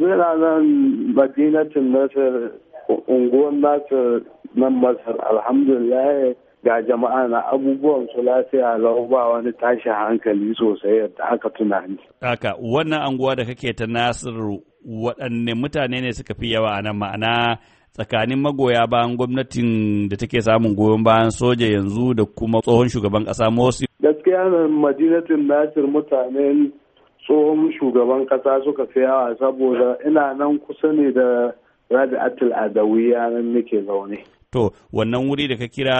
yanzu yana nan madinatin nasir unguwar nasir nan masar alhamdulillah ga jama'a na abubuwan su lafiya lau ba wani tashi hankali sosai yadda aka tunani. Haka wannan anguwa da kake ta nasir waɗanne mutane ne suka fi yawa nan ma'ana tsakanin magoya bayan gwamnatin da take samun goyon bayan soja yanzu da kuma tsohon shugaban ƙasa Morsi. Gaskiya na madinatin Nasir mutanen tsohon shugaban kasa suka sayawa saboda ina nan kusa ne da rabi'atul adawiya nan nake zaune to wannan wuri da ka kira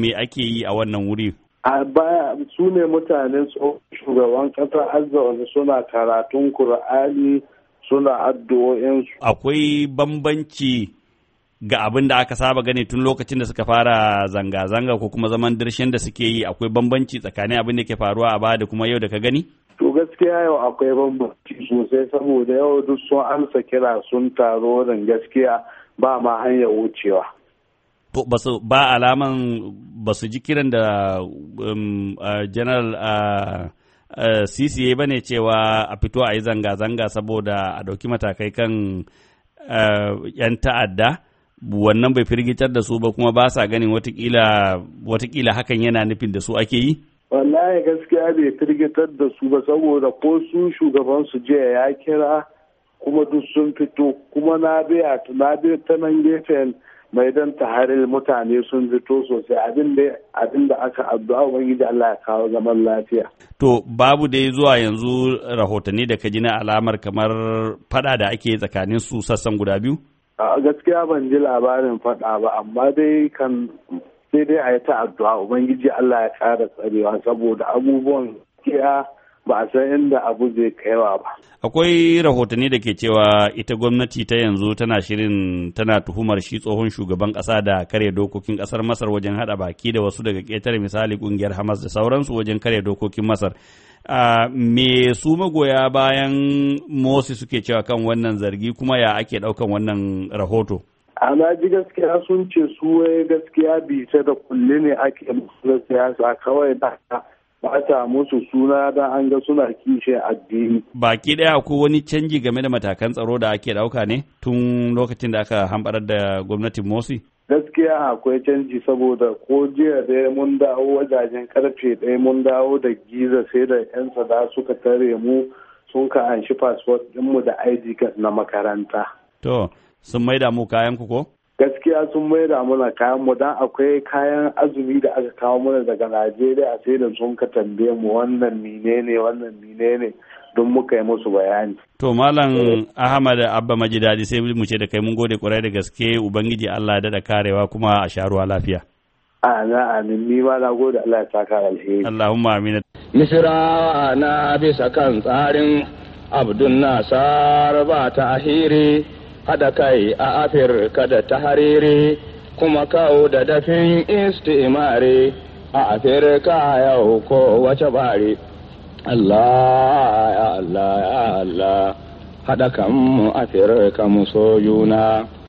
me ake yi a wannan wuri a baya su ne mutanen tsohon shugaban kasa azzauni suna karatun kur'ani suna addu'o'insu akwai bambanci ga abin da aka saba gani tun lokacin da suka fara zanga-zanga ko kuma zaman dirshen da suke yi akwai bambanci tsakanin abin da ke faruwa a baya da kuma yau da ka gani? gaskiya yau akwai bambanci sosai saboda yau duk sun amsa kira sun taro wajen gaskiya ba ma hanyar wucewa. To basu ba alaman basu ji kiran da um, General CCA ba ne cewa a fito a yi zanga-zanga saboda a ɗauki matakai kan 'yan ta'adda. Wannan bai firgitar da su ba kuma ba sa ganin watakila hakan yana nufin da su ake yi? wallahi gaskiya bai firgitar da su ba saboda ko su shugaban su jiya ya kira kuma duk sun fito kuma na biya na biya ta nan gefen mai dan taharil mutane sun fito sosai abin da aka addu'a ubangiji Allah ya kawo zaman lafiya to babu dai zuwa yanzu rahotanni da ka ji na alamar kamar fada da ake tsakanin su sassan guda biyu a gaskiya ban ji labarin fada ba amma dai kan sai dai a yi ta addu'a ubangiji Allah ya kara tsarewa saboda abubuwan kiya ba a san inda abu zai kaiwa ba. Akwai rahotanni da ke cewa ita gwamnati ta yanzu tana shirin tana tuhumar shi tsohon shugaban ƙasa da kare dokokin ƙasar Masar wajen haɗa baki da wasu daga ƙetare misali ƙungiyar Hamas da sauransu wajen kare dokokin Masar. a me su magoya bayan Mosi suke cewa kan wannan zargi kuma ya ake ɗaukan wannan rahoto? ana gaskiya sun ce su wai gaskiya bice da kulle ne ake musu siyasa kawai da bata musu suna da an ga suna kishe addini. Baki ɗaya ko wani canji game da matakan tsaro da ake ɗauka ne tun lokacin da aka hambarar da gwamnatin Morsi? Gaskiya akwai canji saboda ko jiya ɗaya mun dawo wajajen karfe ɗaya mun dawo da giza sai da 'yan sada suka tare mu sun ka anshi fasfot ɗinmu da ID card na makaranta. To, sun maida mu kayan ku ko? Gaskiya sun maida mana kayan mu dan akwai kayan azumi da aka kawo mana daga Najeriya sai da sun ka tambaye mu wannan menene wannan menene don muka yi musu bayani. To Malam eh. Ahmad Abba Majidadi sai mu ce da kai mun gode kwarai da gaske Ubangiji Allah da karewa kuma a sharuwa lafiya. Ana amin ni ma na gode Allah ya saka alheri. Allahumma amina. Misra na bisa kan tsarin Abdul Nasar ba ta ahiri. haɗa kai a afirka da ta hariri kuma kawo da dafin istimare a afirka yau ko wace bari Allah ya Allah ya Allah haɗa kanmu afirka mu so juna